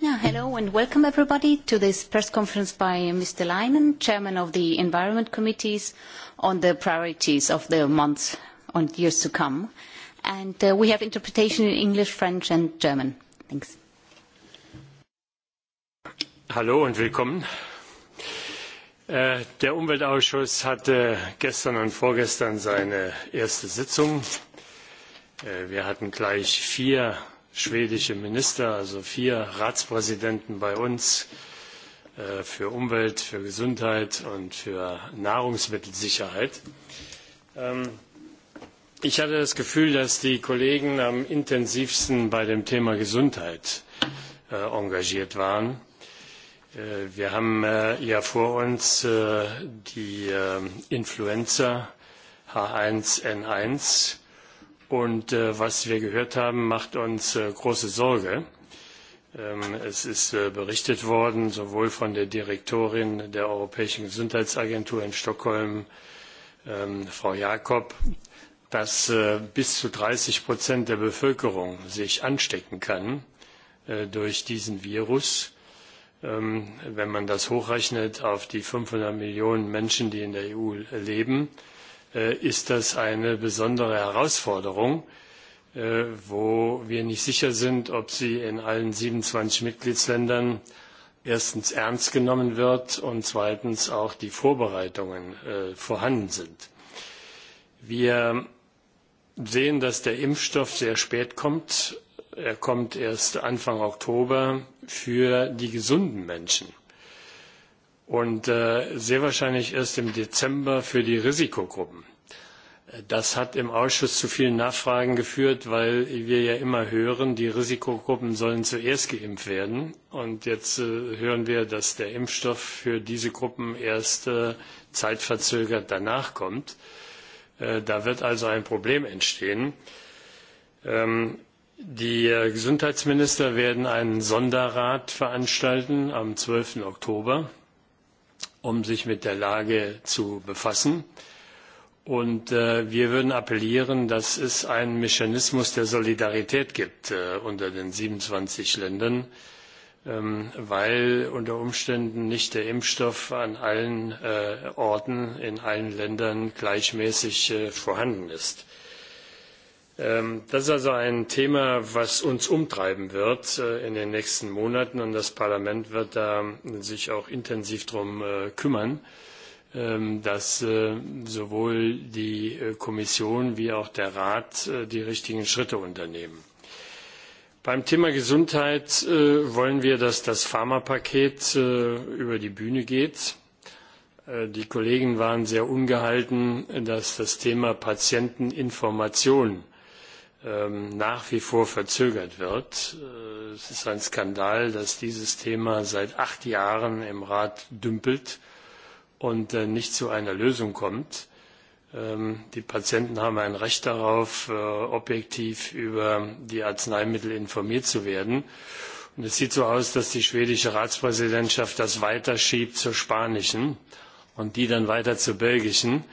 Hello and welcome everybody to this press conference by Mr. Leinen, Chairman of the Environment Committees, on the priorities of the months and years to come. And we have interpretation in English, French and German. Thanks. Hallo und willkommen. Der Umweltausschuss hatte gestern und vorgestern seine erste Sitzung. Wir hatten gleich vier schwedische Minister, also vier Ratspräsidenten bei uns für Umwelt, für Gesundheit und für Nahrungsmittelsicherheit. Ich hatte das Gefühl, dass die Kollegen am intensivsten bei dem Thema Gesundheit engagiert waren. Wir haben ja vor uns die Influenza H1N1 Und was wir gehört haben, macht uns große Sorge. Es ist berichtet worden, sowohl von der Direktorin der Europäischen Gesundheitsagentur in Stockholm, Frau Jakob, dass bis zu 30 der Bevölkerung sich anstecken kann durch diesen Virus. Wenn man das hochrechnet auf die 500 Millionen Menschen, die in der EU leben, ist das eine besondere Herausforderung, wo wir nicht sicher sind, ob sie in allen 27 Mitgliedsländern erstens ernst genommen wird und zweitens auch die Vorbereitungen vorhanden sind. Wir sehen, dass der Impfstoff sehr spät kommt. Er kommt erst Anfang Oktober für die gesunden Menschen und sehr wahrscheinlich erst im Dezember für die Risikogruppen. Das hat im Ausschuss zu vielen Nachfragen geführt, weil wir ja immer hören, die Risikogruppen sollen zuerst geimpft werden. Und jetzt hören wir, dass der Impfstoff für diese Gruppen erst zeitverzögert danach kommt. Da wird also ein Problem entstehen. Die Gesundheitsminister werden einen Sonderrat veranstalten am 12. Oktober um sich mit der Lage zu befassen. Und wir würden appellieren, dass es einen Mechanismus der Solidarität gibt unter den 27 Ländern, weil unter Umständen nicht der Impfstoff an allen Orten, in allen Ländern gleichmäßig vorhanden ist. Das ist also ein Thema, was uns umtreiben wird in den nächsten Monaten, und das Parlament wird sich auch intensiv darum kümmern, dass sowohl die Kommission wie auch der Rat die richtigen Schritte unternehmen. Beim Thema Gesundheit wollen wir, dass das Pharmapaket über die Bühne geht. Die Kollegen waren sehr ungehalten, dass das Thema Patienteninformation nach wie vor verzögert wird. Es ist ein Skandal, dass dieses Thema seit acht Jahren im Rat dümpelt und nicht zu einer Lösung kommt. Die Patienten haben ein Recht darauf, objektiv über die Arzneimittel informiert zu werden. Und es sieht so aus, dass die schwedische Ratspräsidentschaft das weiterschiebt zur spanischen und die dann weiter zur belgischen.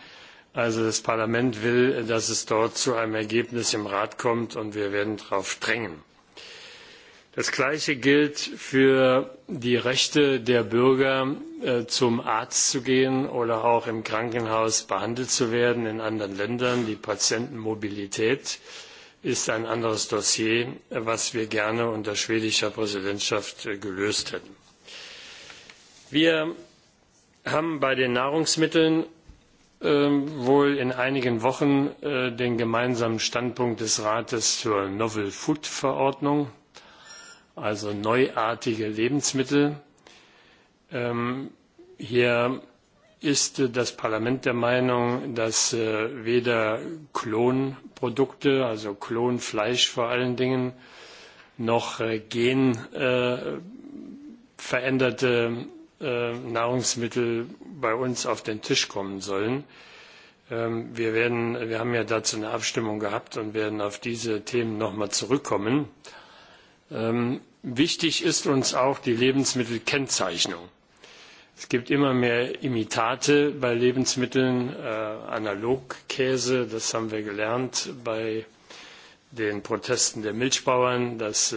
Also das Parlament will, dass es dort zu einem Ergebnis im Rat kommt, und wir werden darauf drängen. Das Gleiche gilt für die Rechte der Bürger, zum Arzt zu gehen oder auch im Krankenhaus behandelt zu werden in anderen Ländern. Die Patientenmobilität ist ein anderes Dossier, was wir gerne unter schwedischer Präsidentschaft gelöst hätten. Wir haben bei den Nahrungsmitteln wohl in einigen Wochen den gemeinsamen Standpunkt des Rates zur Novel Food Verordnung, also neuartige Lebensmittel. Hier ist das Parlament der Meinung, dass weder Klonprodukte, also Klonfleisch vor allen Dingen, noch genveränderte Nahrungsmittel bei uns auf den Tisch kommen sollen. Wir haben ja dazu eine Abstimmung gehabt und werden auf diese Themen nochmal zurückkommen. Wichtig ist uns auch die Lebensmittelkennzeichnung. Es gibt immer mehr Imitate bei Lebensmitteln, Analogkäse, das haben wir gelernt bei den Protesten der Milchbauern, dass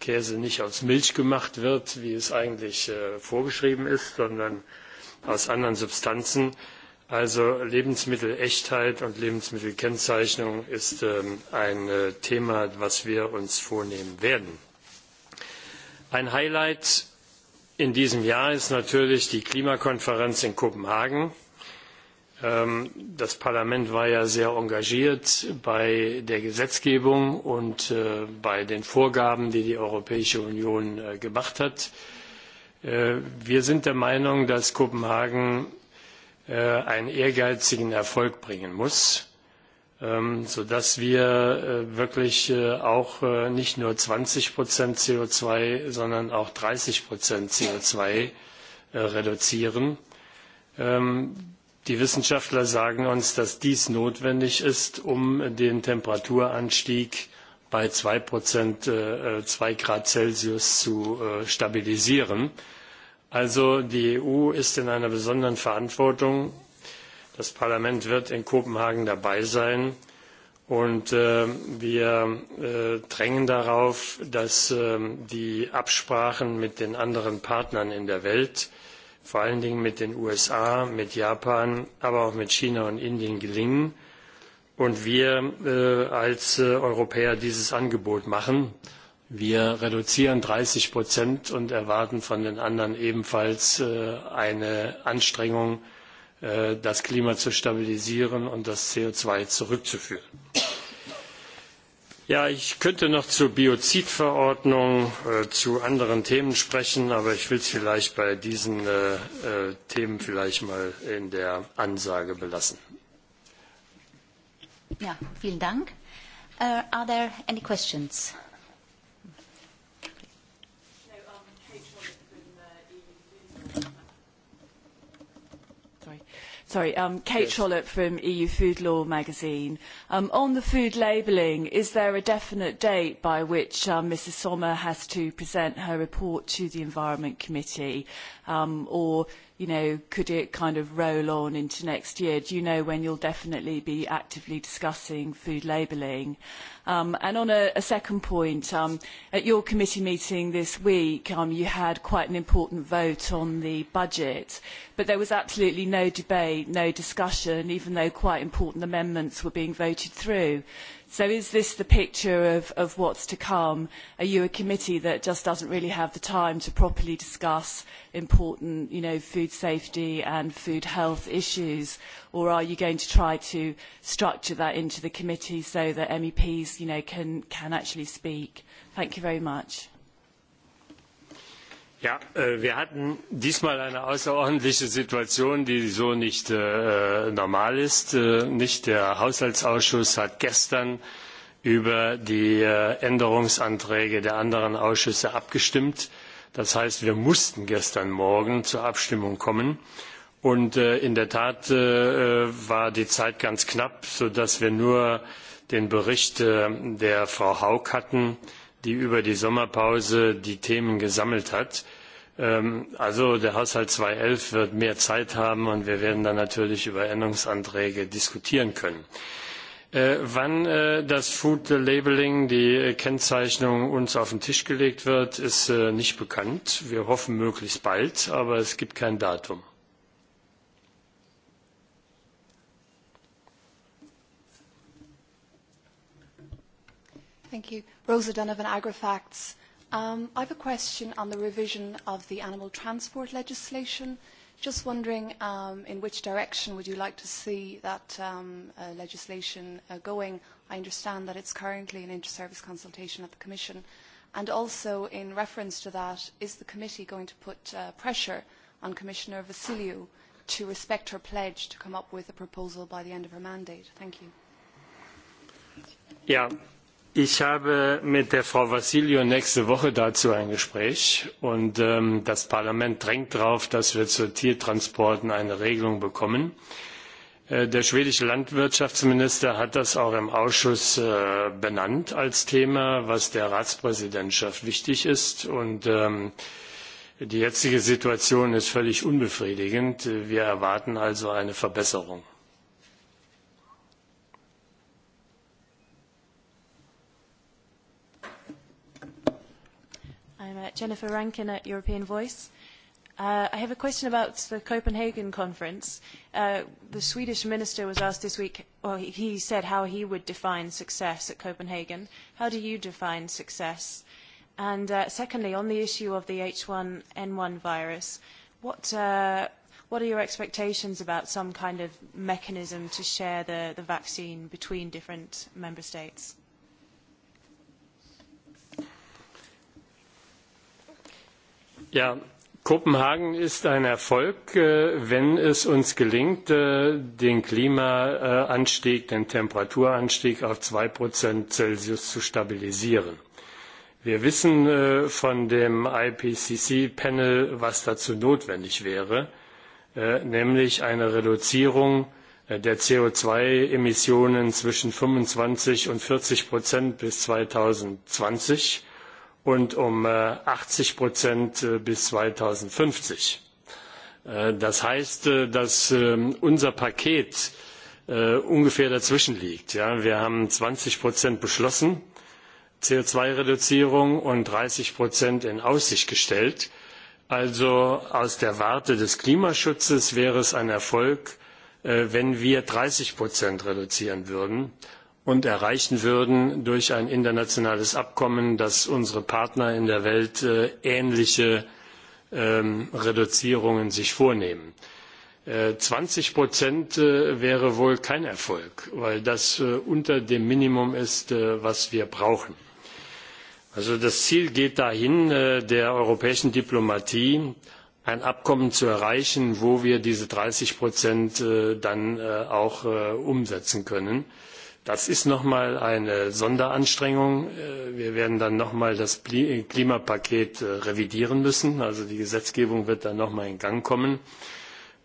Käse nicht aus Milch gemacht wird, wie es eigentlich vorgeschrieben ist, sondern aus anderen Substanzen. Also Lebensmittelechtheit und Lebensmittelkennzeichnung ist ein Thema, das wir uns vornehmen werden. Ein Highlight in diesem Jahr ist natürlich die Klimakonferenz in Kopenhagen Das Parlament war ja sehr engagiert bei der Gesetzgebung und bei den Vorgaben, die die Europäische Union gemacht hat. Wir sind der Meinung, dass Kopenhagen einen ehrgeizigen Erfolg bringen muss, sodass wir wirklich auch nicht nur 20 CO2, sondern auch 30 CO2 reduzieren. Die Wissenschaftler sagen uns, dass dies notwendig ist, um den Temperaturanstieg bei 2 2 Grad Celsius zu stabilisieren. Also die EU ist in einer besonderen Verantwortung. Das Parlament wird in Kopenhagen dabei sein. Und wir drängen darauf, dass die Absprachen mit den anderen Partnern in der Welt vor allen Dingen mit den USA, mit Japan, aber auch mit China und Indien gelingen und wir als Europäer dieses Angebot machen. Wir reduzieren 30 und erwarten von den anderen ebenfalls eine Anstrengung, das Klima zu stabilisieren und das CO2 zurückzuführen. Ja, ich könnte noch zur Biozidverordnung, zu anderen Themen sprechen, aber ich will es vielleicht bei diesen Themen vielleicht mal in der Ansage belassen. Ja, vielen Dank. Are there any questions? Sorry, Kate Trollope from EU Food Law magazine. On the food labelling, is there a definite date by which Mrs Sommer has to present her report to the Environment Committee, or you know, could it kind of roll on into next year? Do you know when you'll definitely be actively discussing food labelling? And on a second point, at your committee meeting this week, you had quite an important vote on the budget, but there was absolutely no debate, no discussion, even though quite important amendments were being voted through. So is this the picture of what's to come? Are you a committee that just doesn't really have the time to properly discuss important, you know, food safety and food health issues, or are you going to try to structure that into the committee so that MEPs, you know, can can actually speak? Thank you very much. Ja, wir hatten diesmal eine außerordentliche Situation, die so nicht normal ist. Nicht der Haushaltsausschuss hat gestern über die Änderungsanträge der anderen Ausschüsse abgestimmt. Das heißt, wir mussten gestern Morgen zur Abstimmung kommen. Und in der Tat war die Zeit ganz knapp, sodass wir nur den Bericht der Frau Haug hatten die über die Sommerpause die Themen gesammelt hat. Also der Haushalt 2011 wird mehr Zeit haben und wir werden dann natürlich über Änderungsanträge diskutieren können. Wann das Food Labeling, die Kennzeichnung uns auf den Tisch gelegt wird, ist nicht bekannt. Wir hoffen möglichst bald, aber es gibt kein Datum. Thank you. Rosa Donovan, AgriFacts. I have a question on the revision of the animal transport legislation. Just wondering in which direction would you like to see that legislation going. I understand that it's currently an inter-service consultation at the Commission. And also, in reference to that, is the Committee going to put pressure on Commissioner Vassiliou to respect her pledge to come up with a proposal by the end of her mandate? Thank you. Yeah. Ich habe mit der Frau Vassiliou nächste Woche dazu ein Gespräch und das Parlament drängt darauf, dass wir zu Tiertransporten eine Regelung bekommen. Der schwedische Landwirtschaftsminister hat das auch im Ausschuss benannt als Thema, was der Ratspräsidentschaft wichtig ist. Und die jetzige Situation ist völlig unbefriedigend. Wir erwarten also eine Verbesserung. Jennifer Rankin at European Voice. I have a question about the Copenhagen conference. The Swedish minister was asked this week, well he said how he would define success at Copenhagen. How do you define success? And secondly, on the issue of the H1N1 virus, what what are your expectations about some kind of mechanism to share the vaccine between different member states? Ja, Kopenhagen ist ein Erfolg, wenn es uns gelingt, den Klimaanstieg, den Temperaturanstieg auf 2 Celsius zu stabilisieren. Wir wissen von dem IPCC-Panel, was dazu notwendig wäre, nämlich eine Reduzierung der CO2-Emissionen zwischen 25 und 40 bis 2020 und um 80 bis 2050. Das heißt, dass unser Paket ungefähr dazwischen liegt. Wir haben 20 beschlossen, CO2-Reduzierung und 30 in Aussicht gestellt. Also aus der Warte des Klimaschutzes wäre es ein Erfolg, wenn wir 30 reduzieren würden und erreichen würden durch ein internationales Abkommen, dass unsere Partner in der Welt ähnliche Reduzierungen sich vornehmen. 20 wäre wohl kein Erfolg, weil das unter dem Minimum ist, was wir brauchen. Also das Ziel geht dahin, der europäischen Diplomatie ein Abkommen zu erreichen, wo wir diese 30 dann auch umsetzen können. Das ist nochmal eine Sonderanstrengung. Wir werden dann nochmal das Klimapaket revidieren müssen. Also die Gesetzgebung wird dann nochmal in Gang kommen.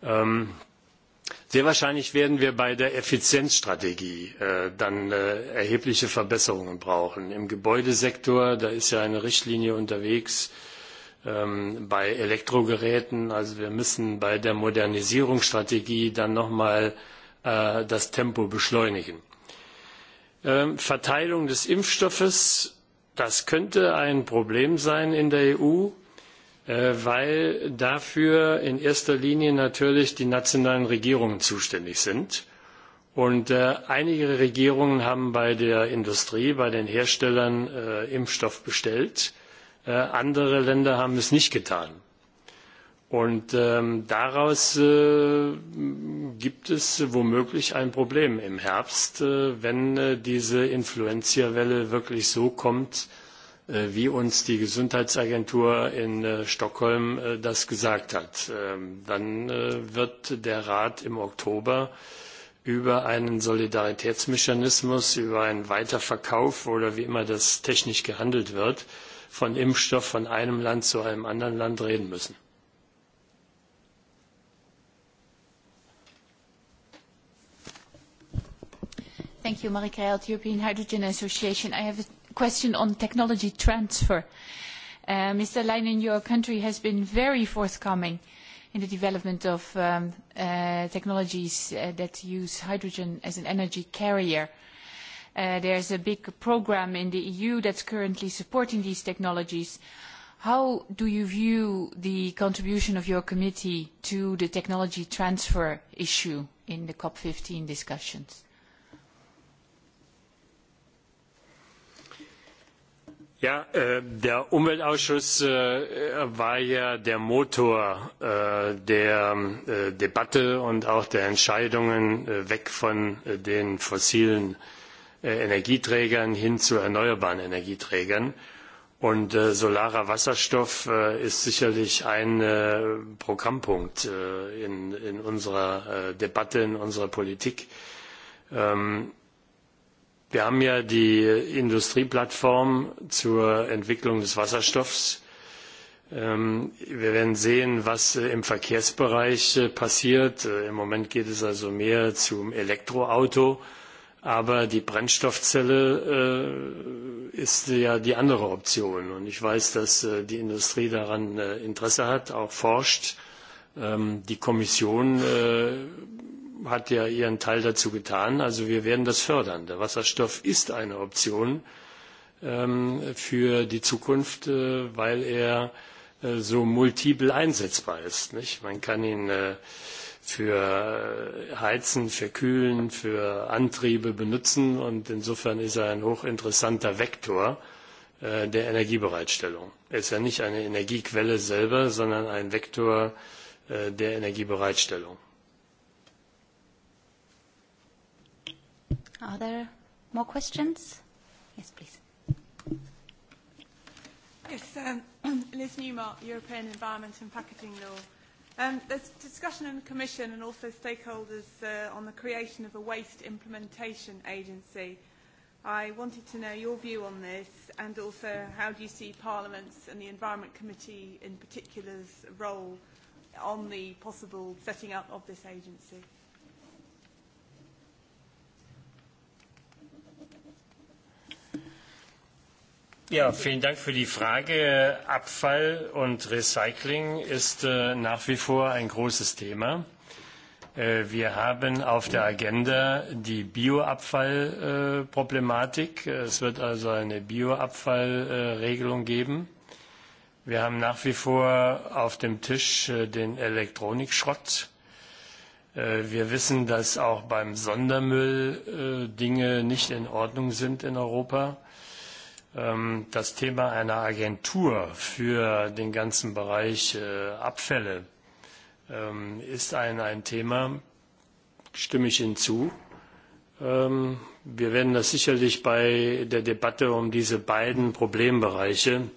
Sehr wahrscheinlich werden wir bei der Effizienzstrategie dann erhebliche Verbesserungen brauchen. Im Gebäudesektor, da ist ja eine Richtlinie unterwegs bei Elektrogeräten. Also wir müssen bei der Modernisierungsstrategie dann noch nochmal das Tempo beschleunigen. Verteilung des Impfstoffes, das könnte ein Problem sein in der EU, weil dafür in erster Linie natürlich die nationalen Regierungen zuständig sind. Und einige Regierungen haben bei der Industrie, bei den Herstellern Impfstoff bestellt. Andere Länder haben es nicht getan. Und daraus gibt es womöglich ein Problem im Herbst, wenn diese Influenzierwelle wirklich so kommt, wie uns die Gesundheitsagentur in Stockholm das gesagt hat. Dann wird der Rat im Oktober über einen Solidaritätsmechanismus, über einen Weiterverkauf oder wie immer das technisch gehandelt wird, von Impfstoff von einem Land zu einem anderen Land reden müssen. Thank you, Marie European Hydrogen Association. I have a question on technology transfer. Mr. Leinen, your country has been very forthcoming in the development of technologies that use hydrogen as an energy carrier. There is a big program in the EU that's currently supporting these technologies. How do you view the contribution of your committee to the technology transfer issue in the COP15 discussions? Ja, der Umweltausschuss war ja der Motor der Debatte und auch der Entscheidungen weg von den fossilen Energieträgern hin zu erneuerbaren Energieträgern. Und solarer Wasserstoff ist sicherlich ein Programmpunkt in unserer Debatte, in unserer Politik Wir haben ja die Industrieplattform zur Entwicklung des Wasserstoffs. Wir werden sehen, was im Verkehrsbereich passiert. Im Moment geht es also mehr zum Elektroauto, aber die Brennstoffzelle ist ja die andere Option. Und ich weiß, dass die Industrie daran Interesse hat, auch forscht. Die Kommission hat ja ihren Teil dazu getan. Also wir werden das fördern. Der Wasserstoff ist eine Option für die Zukunft, weil er so multipel einsetzbar ist. Man kann ihn für Heizen, für Kühlen, für Antriebe benutzen und insofern ist er ein hochinteressanter Vektor der Energiebereitstellung. Er ist ja nicht eine Energiequelle selber, sondern ein Vektor der Energiebereitstellung. Are there more questions? Yes, please. Yes, Liz Newmark, European Environment and Packaging Law. There's discussion in the Commission and also stakeholders on the creation of a waste implementation agency. I wanted to know your view on this and also how do you see Parliament's and the Environment Committee in particular's role on the possible setting up of this agency? vielen Dank für die Frage. Abfall und Recycling ist nach wie vor ein großes Thema. Wir haben auf der Agenda die Bioabfallproblematik. Es wird also eine Bioabfallregelung geben. Wir haben nach wie vor auf dem Tisch den Elektronikschrott. Wir wissen, dass auch beim Sondermüll Dinge nicht in Ordnung sind in Europa das Thema einer Agentur für den ganzen Bereich Abfälle ist ein Thema, stimme ich hinzu. Wir werden das sicherlich bei der Debatte um diese beiden Problembereiche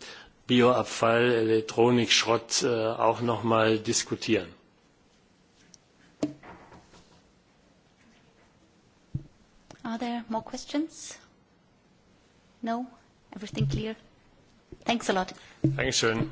Bioabfall, Elektronikschrott auch noch mal diskutieren. Are there more questions? No? Everything clear? Thanks a lot. Thank you,